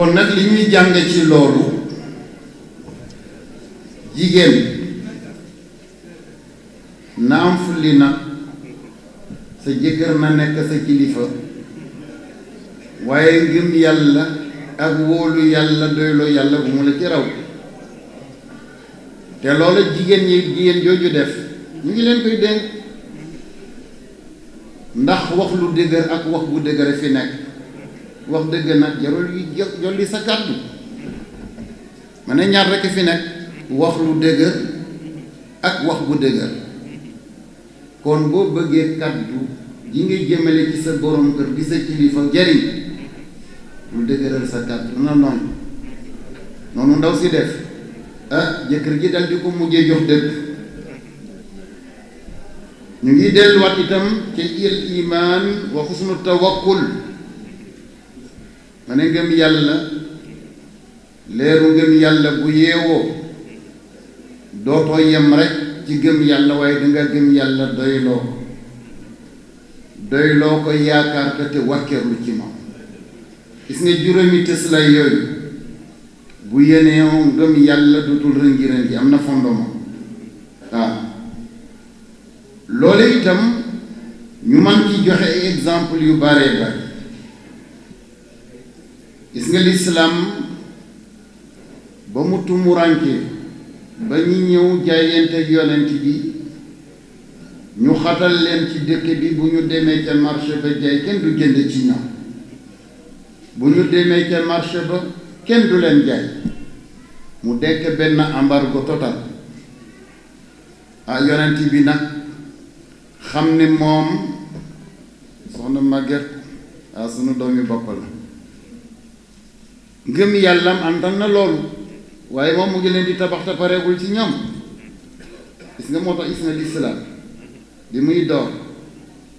kon nag li ñuy jànge ci loolu jigéen na am fulli na sa jëkkër na nekk sa kilifa waaye ngëm yàlla ak wóolu yàlla doyloo yàlla bu mu la ci raw te loolu jigéen ñi jigéen jooju def mu ngi leen koy dénk ndax wax lu dëgër ak wax bu dëgër fi nekk wax dëgg nag jarul yi jolli sa kàddu ma ne ñaar rekk fi nekk wax lu dëgër ak wax bu dëgër kon boo bëggee kàddu yi ngay jëmale ci sa borom kër di sa kilifa jariñ lu dëgëral sa kàddu na noonu noonu ndaw si def ah jëkkër ji dal di ko mujjee jox dëgg ñu ngi delluwaat itam ca il imaan wa xusnu tawakkul ma ne ngëm yàlla leeru ngëm yàlla bu yeewoo dootoo yem rek ci gëm yàlla waaye danga gëm yàlla doyloo ko doyloo ko yaakaar ko te wàkkeerlu ci moom gis nga juróomi tëslaay yooyu bu yenee ngëm yàlla dutul rëngi rëngi am na fondement waaw loolu itam ñu man ci joxe ay exemple yu bare la gis nga lislaam ba mu tumuranke ba ñu ñëw jaayanteeg yonent bi ñu xatal leen ci dëkk bi bu ñu demee ca marché ba jaay kenn du jënd ci ñoom bu ñu demee ca marché ba kenn du leen jaay mu dekk benn embargo total ah yonent bi nag xam ne moom soxna Maguette ah sunu doom yi bopp la ngëm yàllam àntan na loolu waaye moom mu ngi leen di tabaxte te pareegul ci ñam gis nga moo tax gis nga lislaam bi muy door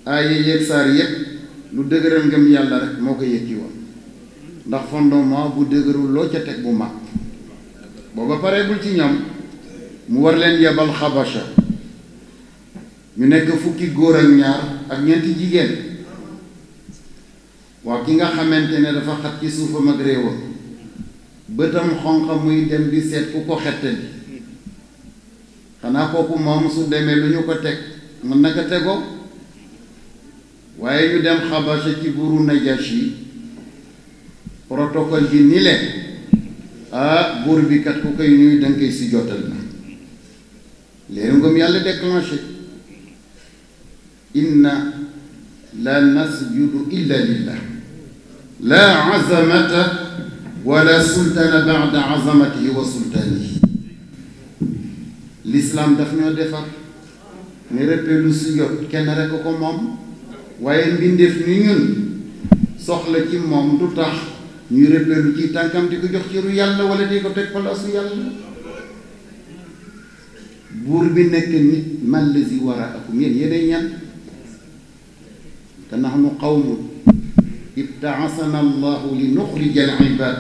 aaye yeeg saar yépp lu dëgëral ngëm yàlla rek moo ko yëg ci woon ndax fondement bu dëgërul loo ca teg bu mag booba pareegul ci ñam mu war leen yebal xabasha ñu nekk fukki góor ak ñaar ak ñeenti jigéen waa ki nga xamante ne dafa xat ci suufam ak réewam bëtam xonq muy dem di seet ku ko xettali xanaa kooku moom su demee lu ñu ko teg mën na ko tegoo waaye ñu dem xabasa ci buuru Najashi protocole yi ni lekk ah buur bi kat ku koy nuyu danga koy si jotal na léegi ngëm yàlla déclenché inna la nasjudu illa lillah la azamata ولا سلطان بعد عظمته وسلطانه الاسلام دافنيو ديفار ني ريبلو سيوت كين ريكو كو موم وايي مبينديف ني نون سوخلا تي موم دو تاخ ني ريبلو تي تانكام ديكو جوخ تي رو يالا ولا ديكو تك بلاصو يالا بور بي نيك نيت مال لي وراكم يين يين نيان كنحنو قوم ابتعثنا الله لنخرج العباد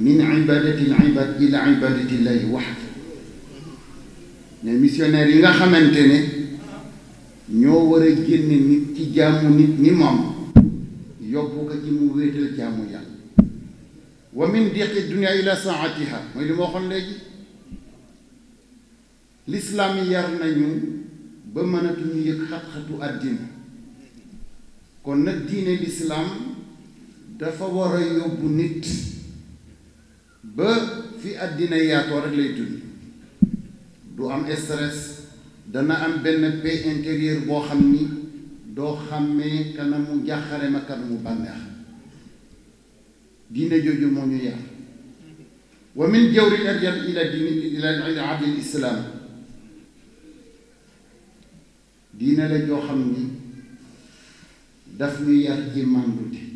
من عبادة العباد إلى عبادة الله وحده. ميسيونير ييغا خامتيني ньо ورا جين نيت تي جامو نيت ني مام يوبوكا تي مو ويتال جامو يا ومن ضيق الدنيا الى ساعتها موي لي موخون لجي الاسلام يار نانيو با مناتو ني يك خط خطو الدين كون نا دين الاسلام dafa war a yóbbu nit ba fi àddina yaatoo rek lay dund du am stress dana am benn paix intérieure boo xam ni doo xàmmee kanamu jàqare ma kanamu bànneex diine jooju moo ñu yar wa min jawri ajal ila diini ila abdil islaam diine la joo xam ni daf ñu yar ci màndute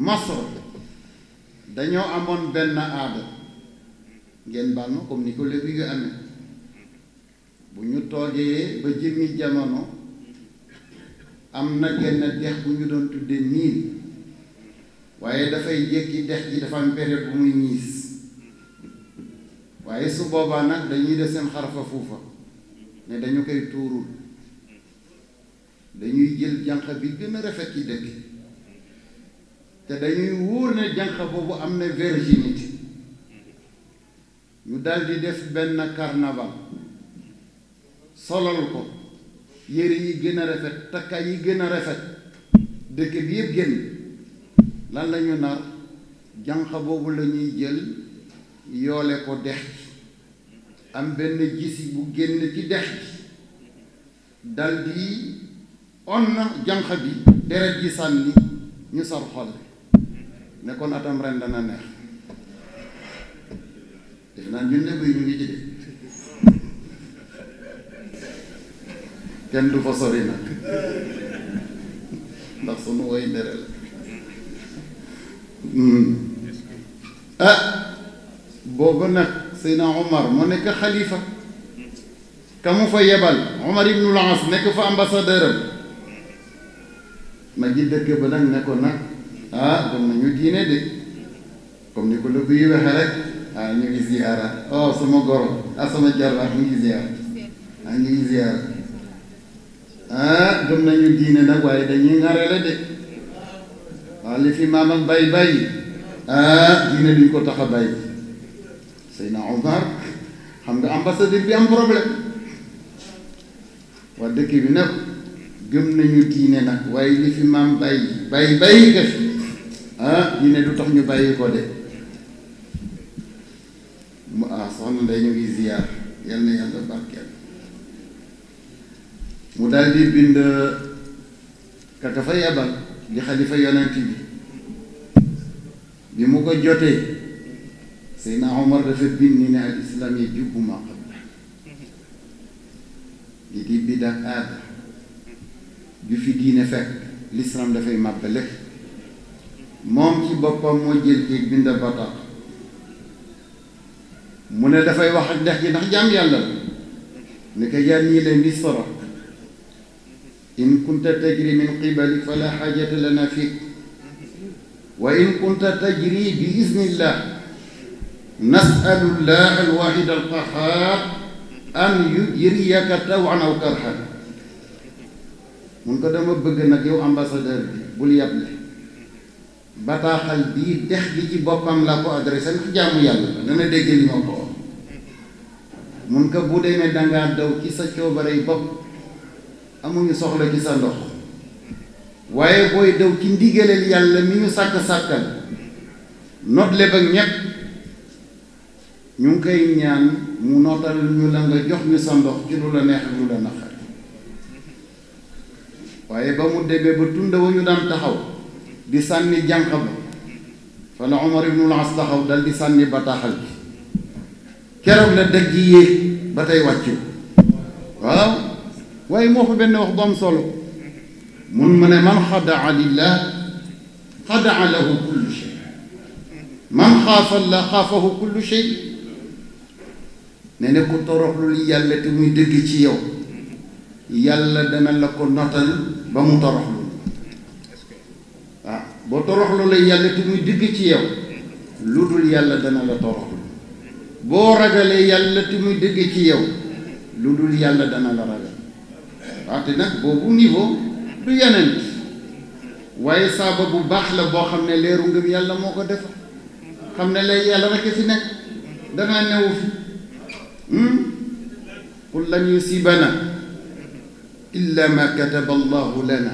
Masro dañoo amoon benn aada ngeen baal ma comme ni ko léegi amee bu ñu toogee ba jëmmi jamono am na genn dex bu ñu doon tuddee niir waaye dafay jékki dex gi dafa am période bu muy ñiis waaye su boobaa nag dañuy def seen xarfa fuufa ne dañu koy tuurul dañuy jël janq bi gën a rafet ci dëkk te dañuy wóor ne jànq boobu am na virginité ñu daldi def benn carnaval solal ko yére yi gën a rafet takkaay yi gën a rafet dëkk bi yëpp génn lan lañu ñu nar jànq boobu la ñuy jël yoole ko dex am benn gisi bu génn ci dex dal di on na jànq bi deret ji sànni ñu sar xol nekkoon atam ren dana neex def naa ñun léegi kenn du fa sori nag ndax sunu woy ndere hmm. ah boobu nag Seydina Omar mu nekk xalifa ka fa yebal Omar ibnul As nekk fa ambassadeur ma ji dëkk ba nag ne nag ah gëm nañu diine de comme ni ko lu buy waxee rek ah ñu ngi ziyaara oh sama goro ah sama jarbaat mu ah, ngi ziyaara ah ñu ngi ziyaara ah gëm nañu diine nag waaye dañuy ngarale de waaw ah, li fi maamam bay bay ah diine duñ ko tax a bay Seydina Omar xam nga ambassadeur bi am problème waa dëkk bi nag gëm nañu diine nag waaye li fi maam bay bay bay def ah ñu ne du tax ñu bàyyi ko de mu ah soxna nday ñu ngi ziyaar yal na yàlla barkeel mu daal di bind kaka yabal di xalifa yonent bi bi mu ko jotee Seydina Omar dafa bind ne al islam yi jubbu ma qabla li aada ju fi diine fekk l'islam dafay màbb mom ci bopam mo jël ci bind bata mune da fay wax ak dex gi ndax jam yàlla la ne ko yaa nii leen di soro in kunta tajri min qibali fala hajata lana fi wa in kunta tajri bi iznillah nasalullah alwaxid alqaxaar an yuriyaka tawana wa karha mun ko dama beug nak yow ambassadeur bi bul yabli bataaxal bii dex gi ci boppam laa ko adressé ndax jaamu yàlla la dana dégg li ma ko mun ko bu demee dangaa daw ci sa coobarey bopp amuñu soxla ci sa ndox waaye booy daw ci ndigaleel yàlla mi ñu sàkk-sàkkal notle ba ñépp ñu ngi koy ñaan mu nootal ñu la nga jox ñu sa ndox ci lu la neex lu la naqar waaye ba mu demee ba tunda wu ñu daan taxaw di sànni jànq ba fa la Omar ibnul As taxaw dal di sànni bataaxal bi keroog la dëgg yi yéeg ba tey wàccu waaw waaye moo fa benn wax bu am solo mun ma ne man xadaa lillah xadaa lahu kullu shay man xaafa la xaafahu kullu shay ne ne ku toroxlul yàlla te muy dëgg ci yow yàlla dana la ko notal ba mu toroxlu boo toroxlu lay yàlla te muy digg ci yow lu yàlla dana la toroxlu bo ragale yàlla te muy digg ci yow lu yàlla dana la ragal nak bo bu niveau du yeneen waaye saaba bu bax la bo xamne leeru ngeum yàlla moko def xamne lay yàlla rekk si nekk dana newu fi qul lan yusibana illa ma kataba lana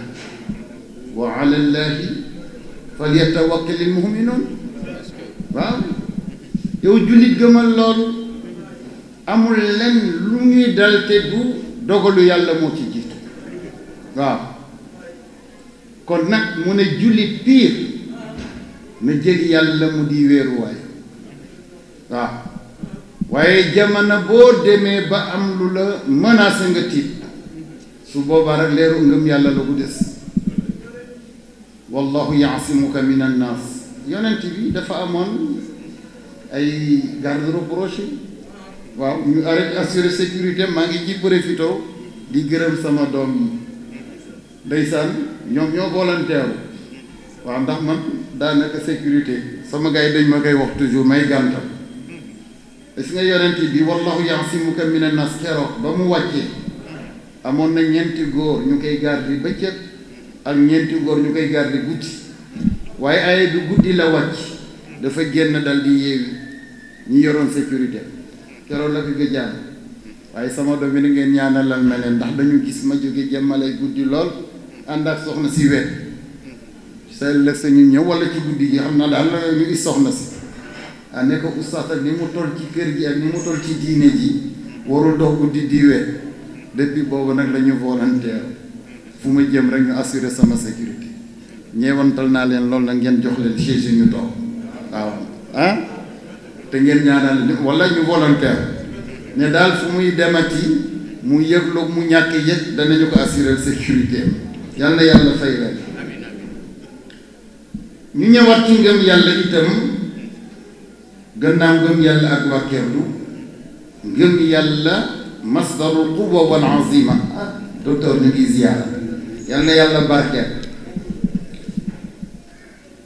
وعلى الله فليتوكل المؤمنون يو جوليت جمال لول امول لن لوني دالتي دو دوغلو يالا مو تي جيت وا كون نك مون جوليت بير ما جيت يالا مو دي وير واي وا واي جمانا بو ديمي با ام لولا مناسنغتي سو بوبا رك ليرو نغم يالا لو ديس wallahu yaasimuka min annaas yonent bi dafa amoon ay garde rapproché waaw ñu arrêté assurer sécurité maa ngi ci profito di gërëm sama doom yi ndeysaan ñoom ñoo volontaire waaw ndax man daanaka sécurité sama gars dañ ma koy wax toujours may gàntal est-ce que yonent bi wallahu yaasimuka min annaas keroog ba mu wàccee amoon na ñeenti góor ñu koy garde yi ba ceeb ak ñeenti góor ñu koy garde guddi waaye aaya bi guddi la wàcc dafa génn dal di yeewi ñu yoroon sécurité keroog la ko gëjaan waaye sama doom yi na ngeen ñaanalal ma leen ndax dañu gis ma jóge jëmmale guddi lool ànd ak soxna si wet sa ëllëg sa ñëw wala ci guddi gi xam na daal ñu ngi soxna si ah ne ko oustaz ak ni mu toll ci kër gi ak ni mu toll ci diine ji warul dox guddi di wet depuis boobu nag la ñu fu ma jëm rek ñu assurer sama sécurité ñeewantal naa leen lool la ngeen jox leen siège ñu toog waaw ah te ngeen ñaanal wala ñu volontaire ne daal fu muy demati mu yëg lu mu ñàkk yëg danañu ko assurer sécurité am yàlla fay leen ñu ñëwaat ci ngëm yàlla itam gannaaw ngëm yàlla ak wàkkeerlu ngëm yàlla masdarul quwa wal azima ah, docteur ñu ngi ziyaara yal na yàlla barkeel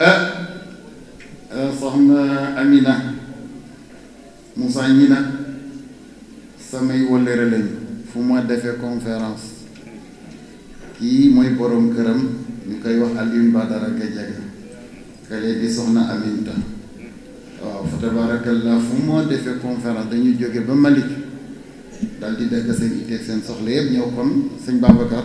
ah eh, soxna Amina Moussa ñi na samay wëllëre lañu fu ma defee conference kii mooy borom këram ñu koy wax Alioune Badara Gadiaga kële di soxna Aminta waaw fa tabarakallah fu ma defee conférence dañuy jóge ba Malick dal di dëkk seen itteeg seen soxla yëpp ñëw kon sëñ Babacar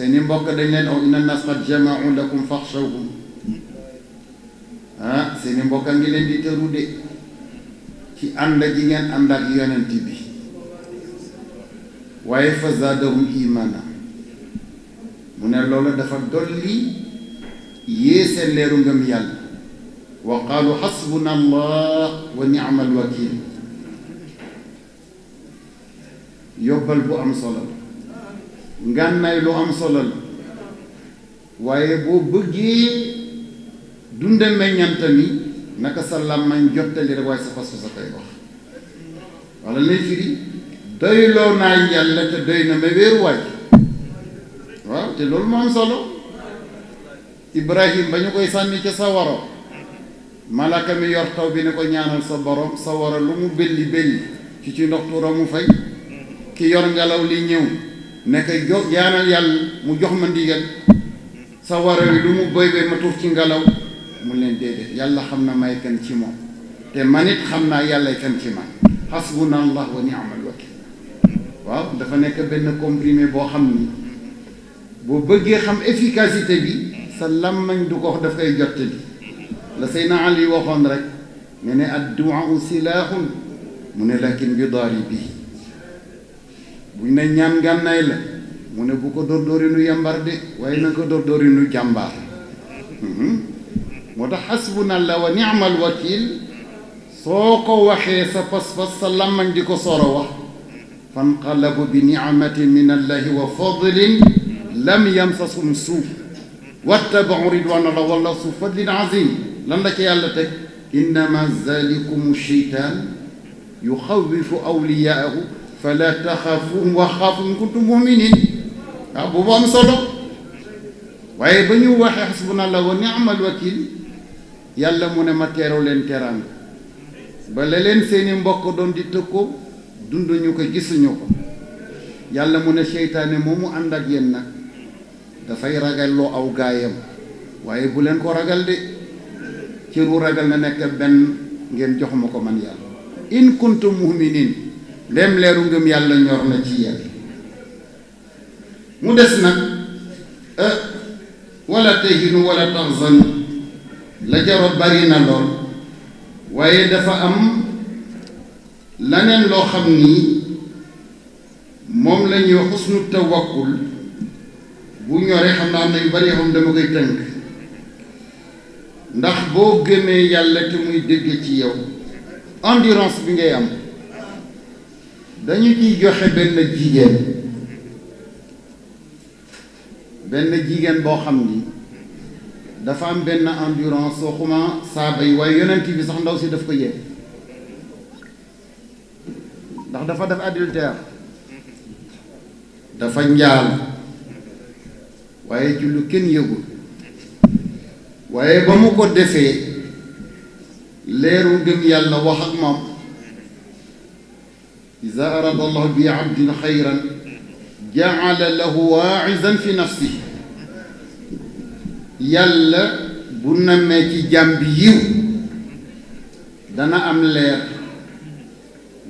سيني مبوك دنجل أو إن الناس قد جمعوا لكم فخشوهم ها سيني مبوك دنجل دي ترودي كي أندا جيان أندا جيان انتبه وايف زادهم إيمانا من اللولا دفع دولي يسل ليرون جميال وقالوا حسبنا الله ونعم الوكيل يقبل بو أم صلاته ngànnaay lu am solo la waaye boo bëggee dunde meññanta ni naka sa làmmañ jottali rek waaye sa fas sa koy wax walla lay firi doyloo naa la te doy na ma wéeruwaay waaw te loolu moo am solo Ibrahim ba ñu koy sànni ca sawaro malaka mi yor taw bi ne ko ñaanal sa borom sawaro lu mu belli belli ci ci ndox tuuram mu fay ki yor ngelaw li ñëw نكاي جو يانال يال مو جوخ ما ديغال سا واروي لو مو بوي بي ما توخ سي غالاو مول لين ديدي يالا خمنا ماي كان سي مو تي مانيت خمنا يالا كان سي ما حسبنا الله ونعم الوكيل واو دا فا نيك بن كومبريمي بو خامني بو بوغي خام افيكاسيتي بي سا لام مان دوكو دا فاي جوتي لا سينا علي واخون رك ني الدعاء سلاح من لكن بضاربه buñ ne ñaan gànnaay la mu ne bu ko dóor dóorinu yambar de waaye na ko dóor dóorinu jàmbaar moo tax xasbuna la wa niamal wakil soo ko waxee sa pas-pas sa làmmañ di ko soor a wax fanqalabu bi niamati min allahi wa fadlin lam yamsasum suuf wattabacu ridwan allah walla su fadlin azim lan la ca yàlla teg innama zalikum cheytaan yuxawifu awliyaahu fala taxafuhum wa xaafuhum in kuntum muminin waaw boobu am solo waaye ba ñu waxee xasbunallah wa ni'mal wakil yàlla mu ne ma teeru leen teraanga ba la leen seeni mbokk doon di tëkkoo dunduñu ko gisuñu ko yàlla mu ne seytaane moomu ànd ak yéen nag dafay ragal loo aw gaayam waaye bu leen ko ragal de ci ru ragal na nekk benn ngeen jox ma ko man yàlla in kuntum muminin lem leeru ngëm yàlla ñor na ci yéen mu des nag wala tahinu wala tanzan la jaro bari na lool waaye dafa am laneen loo xam ni moom la ñuy xusnu tawakkul bu ñoree xam naa am bari xam dama koy tënk ndax boo gëmee yàlla te muy dégg ci yow endurance bi ngay am dañu ci joxe benn jigéen benn jigéen boo xam ni dafa am benn endurance waxuma saaba yi waaye yonent bi sax ndaw si daf ko yee ndax dafa def adultère dafa njaal waaye ci lu kenn yëgul waaye ba mu ko defee leeru ngëm yàlla wax ak moom إذا أراد الله عبد خيرا جعل له واعزا في نفسه يلا بنا ماتي جنبي دانا أم لير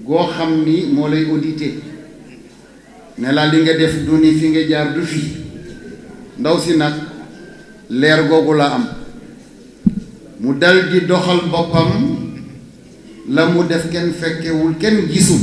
غو خمي مولاي أوديتي نلا لينغا ديف دوني فينغا جار دوفي ndaw si nak leer gogu la am mu dal di doxal bopam la mu def ken fekke wul ken gisul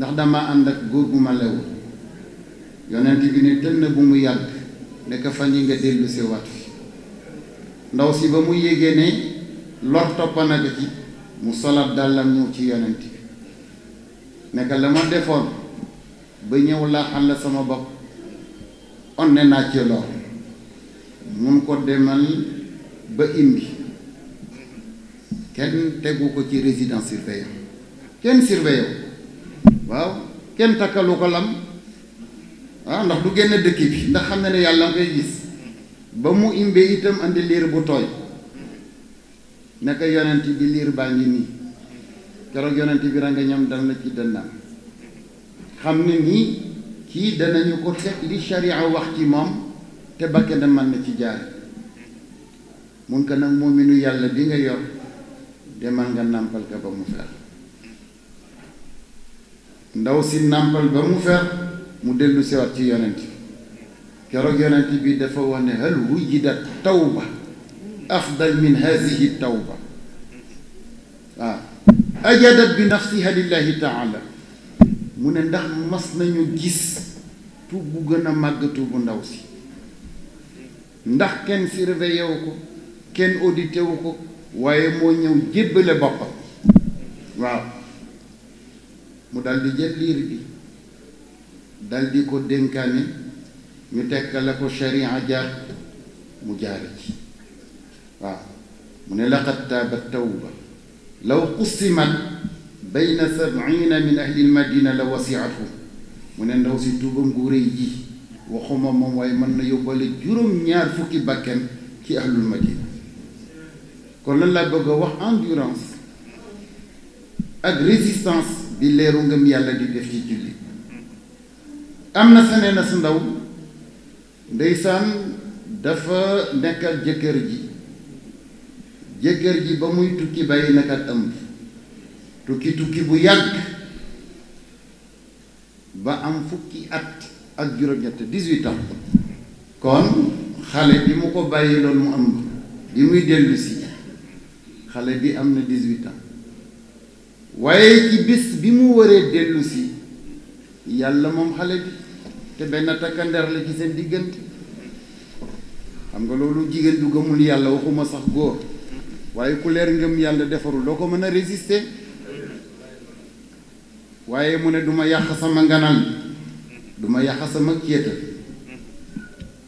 ndax dama ànd ak googuma gu ma lew yonent bi ne tënn bu mu yàgg nekk fan yi nga dellu si waat ndaw si ba mu yégee ne lor toppana ko ci mu solat dàllam ñëw ci yonent bi nekk la ma defoon ba ñëw laaxal la sama bopp onne naa ci lor mun ko demal ba imbi kenn tegu ko ci résident surveillée kenn surveillé waaw kenn takkalu ko lam ah ndax du génn dëkk bi ndax xam na ne yàlla nga koy gis ba mu imbee itam andi liir bu tooy nekk yonent bi liir baa ngi nii keroog yonent bi ñam dal na ci dënnaam xam ne nii kii danañu ko teg li sharia wax ci moom te bakke na mën na ci jaar mun ko nag moominu yàlla bi nga yor demal nga nàmpal ko ba mu fer ndaw si nàmpal ba mu fer mu dellu siwaat ci yonent bi keroog yonent bi dafa wax ne hal wujidat tawba afdal min taw tawba waaw ajadat bi nafsiha lillahi taala mu ne ndax mas nañu gis tub bu gën a màgg tuub bu ndaw si ndax kenn surveillé ko kenn audité ko waaye moo ñëw jébbale boppam waaw mu daldi jël lire bi daldi ko dénkaane ñu tekkal ko sharia jaar mu jaar ci waaw mu ne laqad taabat tawba law qussimat bayna sabina min ahli lmadina la wasi'atu mu ne ndaw si tuba nguuree ji waxuma moom waaye mën na yóbbale juróom-ñaar fukki bakken ci ahlul madina kon lan laa bëgg a wax endurance ak résistance bi leeru ngëm yàlla di def ci julli am na sa nee na ndaw ndeysaan dafa nekkal jëkkër ji jëkkër ji ba muy tukki bàyyi nag ak ëmb tukki tukki bu yàgg ba am fukki at ak juróom-ñett dix-huit ans kon xale bi mu ko bàyyi loolu mu ëmb bi muy dellusi xale bi am na dix-huit waaye ci bis bi mu waree dellu yàlla moom xale bi te benn takkandeer la ci seen diggante xam nga loolu jigéen du gëmul yàlla waxuma sax góor waaye ku leer ngëm yàlla defarul doo ko mën a résister waaye mu ne duma yàq sama nganaan duma yàq sama kéeta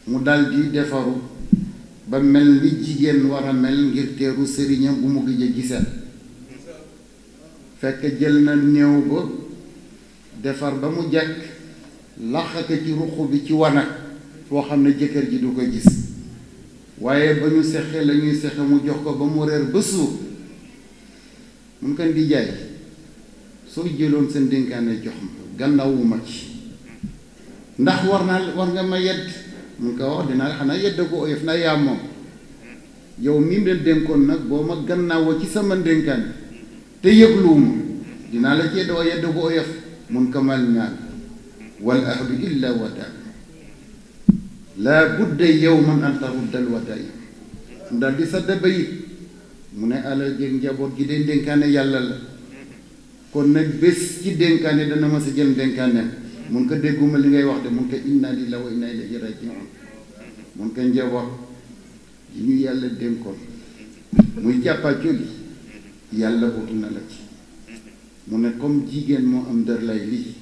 mu daldi defaru ba mel ni jigéen war a mel ngir teeru sëriñam bu mu gëj a gisal fekk jël na néew ba defar ba mu jekk làqaka ci ruq bi ci wanag foo xam ne jëkkër ji du ko gis waaye ba ñu sexe la ñuy sexe mu jox ko ba mu reer ba suur mun kan di jaay soo jëloon seen dénkaane jox ma gannaawu ma ci ndax war naa war nga ma yedd mun ko wax dinaa xanaa yedd ko oyof na yaa moom yow mi leen dénkoon nag boo ma gannaawoo ci sama dénkaane te yëgluwuma dinaa la cee doo yedd ko oyof mun kamal ñaan wal ahdu illa wata laa budda yowman an taruddal wata yi mu di sadda bayit mu ne alal jëg njaboot gi de dénkaane yàlla la kon nag bés ci dénkaane dana ma sa jël dénkaane mun ko dégguma li ngay wax de mun ko inna lillahi wa inna ilayhi rajiun mun ko njaboot muy jàppaa coli yàlla wutu na la ci mu ne comme jigéen moo am dër lay lii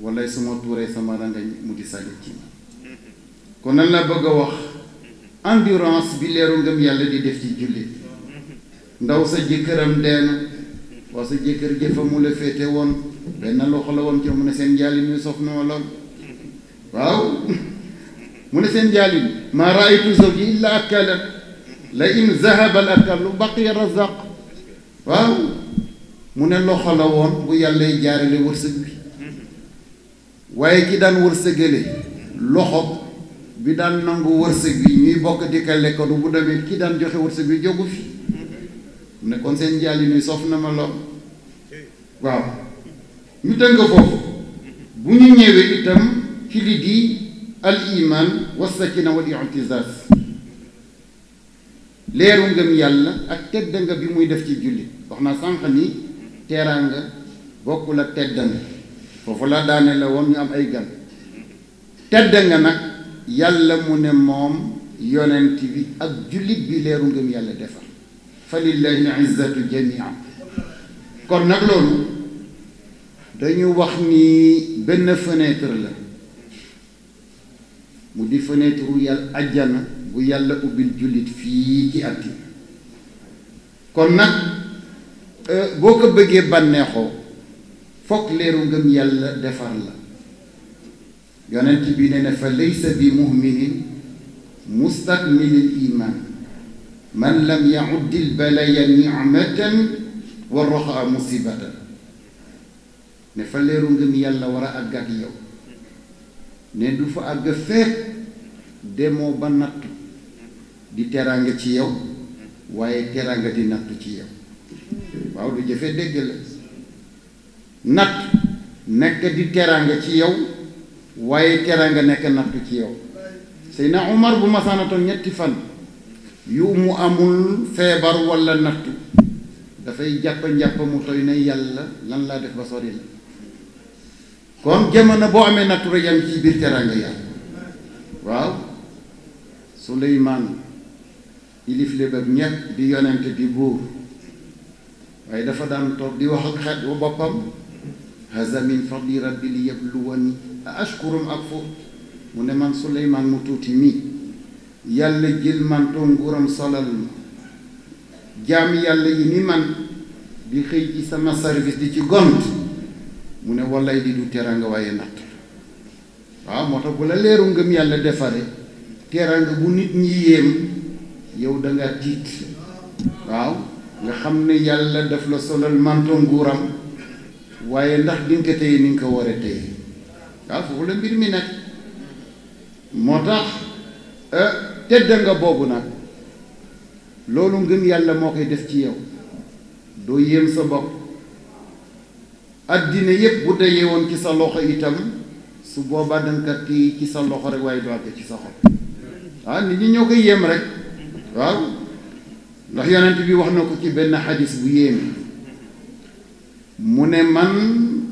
wala sama tuuree sama rangañ mu di sàllit ci ma kon nan la bëgg a wax endurance bi leeru ngëm yàlla di def ci jullit ndaw sa jëkkëram dee na waa sa jëkkër jëfa la féete woon benn loxo la woon ci mu ne seen njaalin yu sof na lool waaw mu ne seen njaalin ma raaytu zawji illa akalat la in zahaba al akal baqiya razaq waaw mu ne loxo la woon bu yàllay jaarale wërsëg bi waaye ki daan wërsëgale loxo bi daan nangu wërsëg bi ñuy bokk di ka lekkatu bu demee ki daan joxe wërsëg bi jógu fi mu ne kon seen njaal yi nuy sof na ma lool waaw ñu tënk foofu bu ñu ñëwee itam ci li di al iman wa sakina wal i'tizaz leeru ngëm yàlla ak teddanga bi muy def ci jullit wax naa sànq ni teraanga bokkul ak teddanga foofu la daane woon ñu am ay gan teddanga nag yàlla mu ne moom yonent bi ak jullit bi leeru ngëm yàlla defar fa lillahi izzatu jamia kon nag loolu dañu wax ni benn fenêtre la mu di fenêtre yàlla ajjana bu yàlla ubbil jullit fii ci àddina kon nag boo ko bëggee bànneexoo foog leeru ngëm yàlla defar la yonent bi ne na fa laysa bi mu'minin mustakmilil iman man lam yahuddil balaya nicmatan wa roxaa musibatan ne fa leeru ngëm yàlla war a àgg ak yow ne du fa àgg fekk demoo ba nattu di teraanga ci yow waaye teraanga di nattu ci yow waaw lu jëfe dégg la natt nekk di teraanga ci yow waaye teraanga nekk nattu ci yow Seydina Umar bu masaanatoon ñetti fan yu mu amul feebar walla nattu dafay jàpp njàpp mu toy ne yàlla lan laa def ba sori la kon jamono boo amee nattu rek yaa ngi ci biir teraanga yàlla waaw Suleymaan يلف لباب نيب دي يونت دي بور واي دا فا دان توك دي واخ خيت وبوبام هذا من فضل ربي ليبلوني اشكر ام اكفر من من سليمان متوتي مي يالا جيل مان تون غورم صلال جام يالا يي ني مان دي خي جي سما سيرفيس دي تي غونت من والله دي دو تيرانغا واي نات واه موتو بولا ليرو غم يالا ديفاري تيرانغا بو نيت ني يم yow da nga tiit waaw nga xam ne yàlla daf la solal manto nguuram waaye ndax di nga ko téye ni nga ko war a téye waaw foofu la mbir mi nag moo tax tedd nga boobu nag loolu ngëm yàlla moo koy def ci yow doo yéem sa bopp addina yëpp bu dayee woon ci sa loxo itam su boobaa danga ko téye ci sa loxo rek waaye doo ko ci sa xol waaw nit ñi ñoo koy yem rek waaw ndax yonent bi wax na ko ci benn xadis bu yéeme mu ne man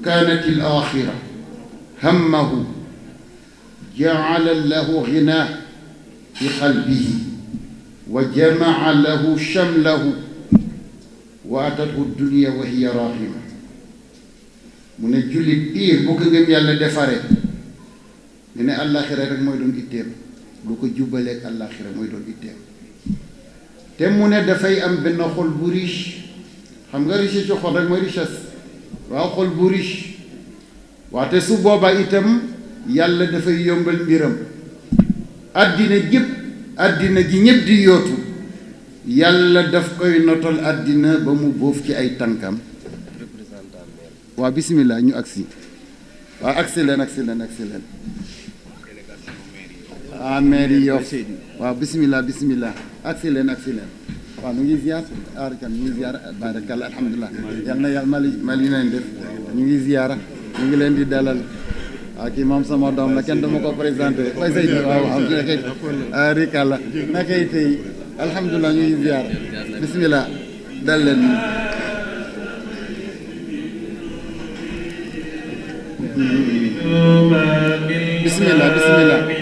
kaanat il axira hammahu jaala lahu xinaa fi qalbihi wa jamaa lahu shamlahu wa atathu dunya wa hiya raxima mu ne jullit diir bu ko ngëm yàlla defaree mu ne àllaaxira rek mooy doon itteem lu ko jubaleeg àllaaxira mooy doon itteem te mu ne dafay am benn xol bu riche xam nga riche ci xol rek mooy richesse waaw xol bu riche waate su boobaa itam yàlla dafay yombal mbiram àddina jëpp àddina ji ñëpp di yootu yàlla daf koy notal àddina ba mu boof ci ay tànkam waa bisimilah ñu agsi waa agsi leen agsi leen agsi leen Amen. Bismillah, bismillah. Excellent, excellent. agsi leen agsi leen waaw ñu ngi ziar yal mali mali nañ def ñu ngi dalal sama doom la kenn dama ko présenté bay say waaw waaw nekkay rikalla nekkay tey alhamdulilah ñu ziar bisimilah dal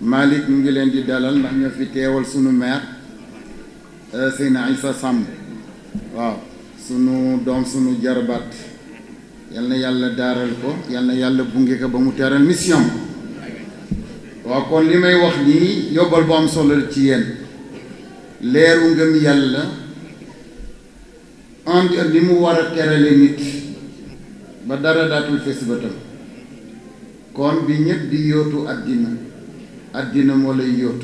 Malick mu ngi leen di dalal ndax ñoo fi teewal sunu meer euh, Seyna sa Samb waaw sunu doom sunu jarbaat yal na yàlla daaral ko yal yàlla bunge ko ba mu teral mission waaw kon li may wax nii yóbbal bu am solo ci yéen leeru ngëm yàlla and li mu war a terale nit ba dara daatul fees kon bi ñëpp di yóotu àddina أدينا موليوت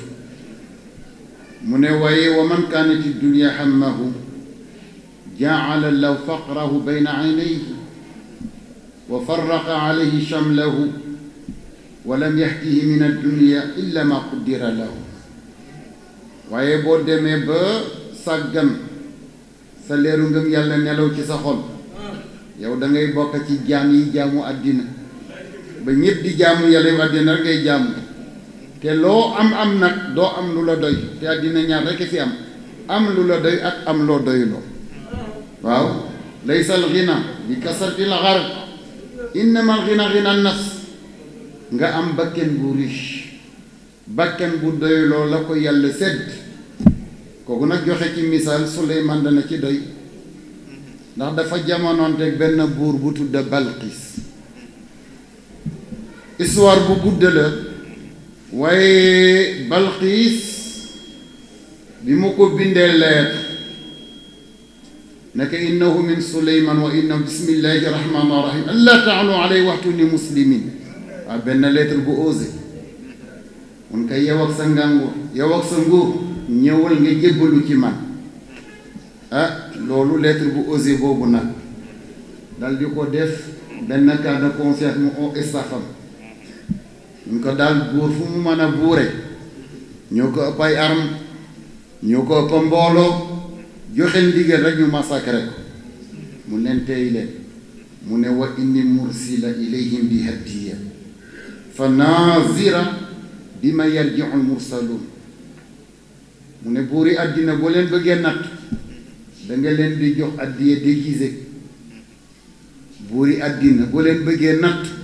من وعي ومن كانت الدنيا همه جعل الله فقره بين عينيه وفرق عليه شمله ولم يهديه من الدنيا إلا ما قدر له ويبود مب سجم سليرونغم يلا نلو تسخل yow da ngay bok ci jami jamu adina ba ñepp di jamu yalla yu adina ngay jamu te loo am am nag doo am lu la doy te àddina ñaar rekk fi am am lu la doy ak am loo doyloo waaw laysa al xina bi kasarti la xar innama al xina xina nas nga am bakken bu riche bakken bu doyloo la ko yàlla sedd kooku nag joxe ci misaal Suleymaan dana ci doy ndax dafa jamonoonteeg benn buur bu tudd Balqis histoire bu gudd waaye balxiis bi mu ko bindee leer naka innahu min suleyman wa inna bismillahi rahmaani rahim an laa taalu alay waxtu ni muslimin waaw benn lettre bu osé mun koy yow ak sa ngàngoor yow nga jébbalu ci man ah loolu lettre bu osé boobu nag dal di ko def benn cas de mu o staffam ñu ko daal buur fu mu mën a buure ñoo ko ëpp ay arme ñoo ko ëpp mbooloo joxe ndigal rek ñu massacré ko mu leen tey leen mu ne wa inni mursila ilayhim bi hadiya fa nazira bi ma yarjiu mursaluun mu ne buuri àddina boo leen bëggee natt da nga leen di jox addiya déguisé buuri àddina boo leen bëggee natt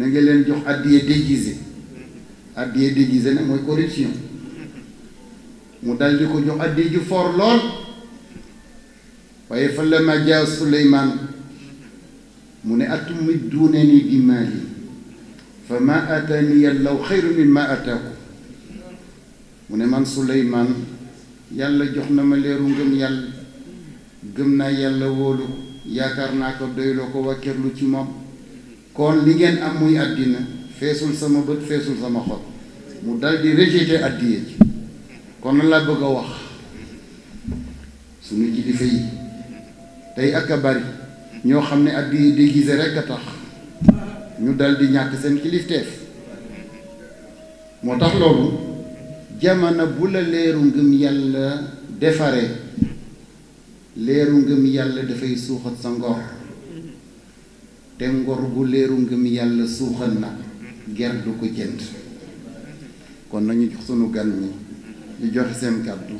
na nga leen jox addiye déguisé addiye déguisé nag mooy corruption mu dal di ko jox addiye ju for lool waaye fa la ma jaa Suleymaan mu ne atumidduunani bi maali fa ma ataani yàllaw xayru min ma ataaku mu ne man Suleymaan yàlla jox na ma leeru ngëm yàlla gëm naa yàlla wóolu yaakaar naa ko doyloo ko wàkkeerlu ci moom kon li ngeen am muy àddina feesul sama bët feesul sama xol mu daldi di rejeté addiye kon na laa bëgg a wax suñu kilifa yi tey ak a bari ñoo xam ne addiye déguisé rekk a tax ñu daldi ñàkk seen kilifteef moo tax loolu jamono bu la leeru ngëm yàlla defare leeru ngëm yàlla dafay suuxat sa ngor te ngor gu leeru ngëm yàlla suuxal na ger du ko jënd kon nañu sunu gan mi ñu joxe seen kàddu